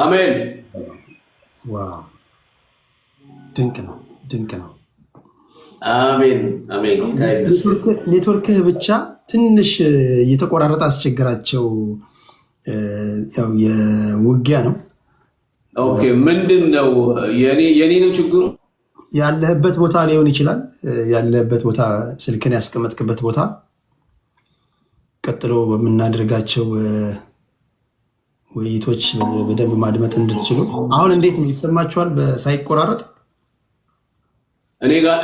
አሜን። ድንቅ ነው፣ ድንቅ ነው። አሜን አሜን። ኔትወርክህ ብቻ ትንሽ የተቆራረጠ አስቸግራቸው ያው የውጊያ ነው። ኦኬ ምንድን ነው የኔ ነው ችግሩ? ያለህበት ቦታ ሊሆን ይችላል። ያለህበት ቦታ ስልክን ያስቀመጥክበት ቦታ፣ ቀጥሎ በምናደርጋቸው ውይይቶች በደንብ ማድመጥ እንድትችሉ። አሁን እንዴት ነው ይሰማችኋል? ሳይቆራረጥ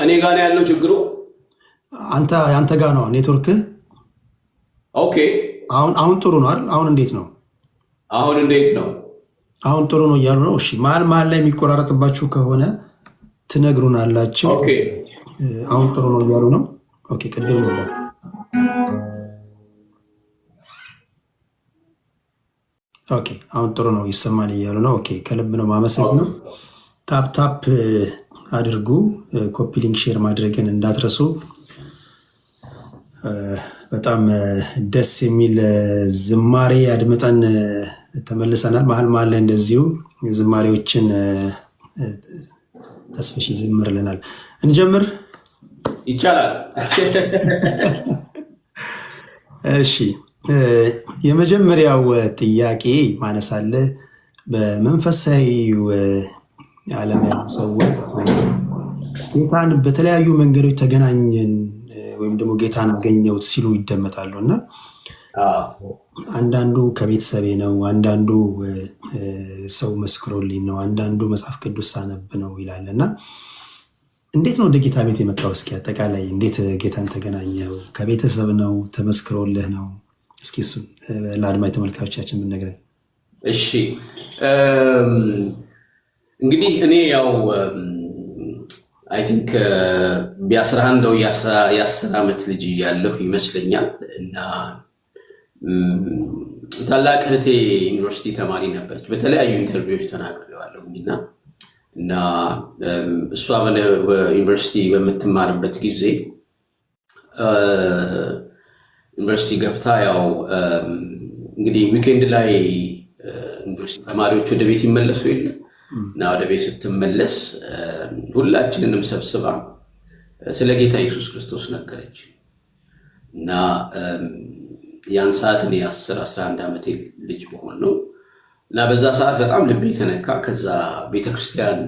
እኔ ጋ ያለው ችግሩ። አንተ ጋ ነው ኔትወርክ ኦኬ፣ አሁን ጥሩ ነው አይደል? አሁን እንዴት ነው? አሁን እንዴት ነው? አሁን ጥሩ ነው እያሉ ነው። እሺ፣ መሀል መሀል ላይ የሚቆራረጥባችሁ ከሆነ ትነግሩናላችሁ። አሁን ጥሩ ነው እያሉ ነው። ኦኬ ቅድም ነው ኦኬ አሁን ጥሩ ነው ይሰማል እያሉ ነው። ኦኬ ከልብ ነው ማመሰግ ነው። ታፕ ታፕ አድርጉ። ኮፒ ሊንክ ሼር ማድረግን እንዳትረሱ። በጣም ደስ የሚል ዝማሬ አድምጠን ተመልሰናል። መሀል መሀል ላይ እንደዚሁ ዝማሬዎችን ተስፍሽ ይዘምርልናል። እንጀምር ይቻላል? እሺ፣ የመጀመሪያው ጥያቄ ማነሳለ በመንፈሳዊ ዓለም ያሉ ሰዎች ጌታን በተለያዩ መንገዶች ተገናኘን ወይም ደግሞ ጌታን አገኘሁት ሲሉ ይደመጣሉ እና አንዳንዱ ከቤተሰቤ ነው፣ አንዳንዱ ሰው መስክሮልኝ ነው፣ አንዳንዱ መጽሐፍ ቅዱስ ሳነብ ነው ይላል እና እንዴት ነው ወደ ጌታ ቤት የመጣው? እስኪ አጠቃላይ እንዴት ጌታን ተገናኘው? ከቤተሰብ ነው? ተመስክሮልህ ነው? እስኪ እሱ ለአድማጭ ተመልካቾቻችን ብንነግረን። እሺ እንግዲህ እኔ ያው አይ ቲንክ የአስራ አንድ የአስር ዓመት ልጅ እያለሁ ይመስለኛል እና ታላቅ እህቴ ዩኒቨርሲቲ ተማሪ ነበረች። በተለያዩ ኢንተርቪዎች ተናግሬዋለሁ እና እና እሷ ዩኒቨርሲቲ በምትማርበት ጊዜ ዩኒቨርሲቲ ገብታ ያው እንግዲህ ዊኬንድ ላይ ዩኒቨርሲቲ ተማሪዎች ወደ ቤት ይመለሱ የለ እና ወደ ቤት ስትመለስ ሁላችንንም ሰብስባ ስለ ጌታ ኢየሱስ ክርስቶስ ነገረች እና ያን ሰዓት እኔ 10 11 ዓመቴ ልጅ መሆን ነው እና በዛ ሰዓት በጣም ልቤ የተነካ ከዛ ቤተክርስቲያን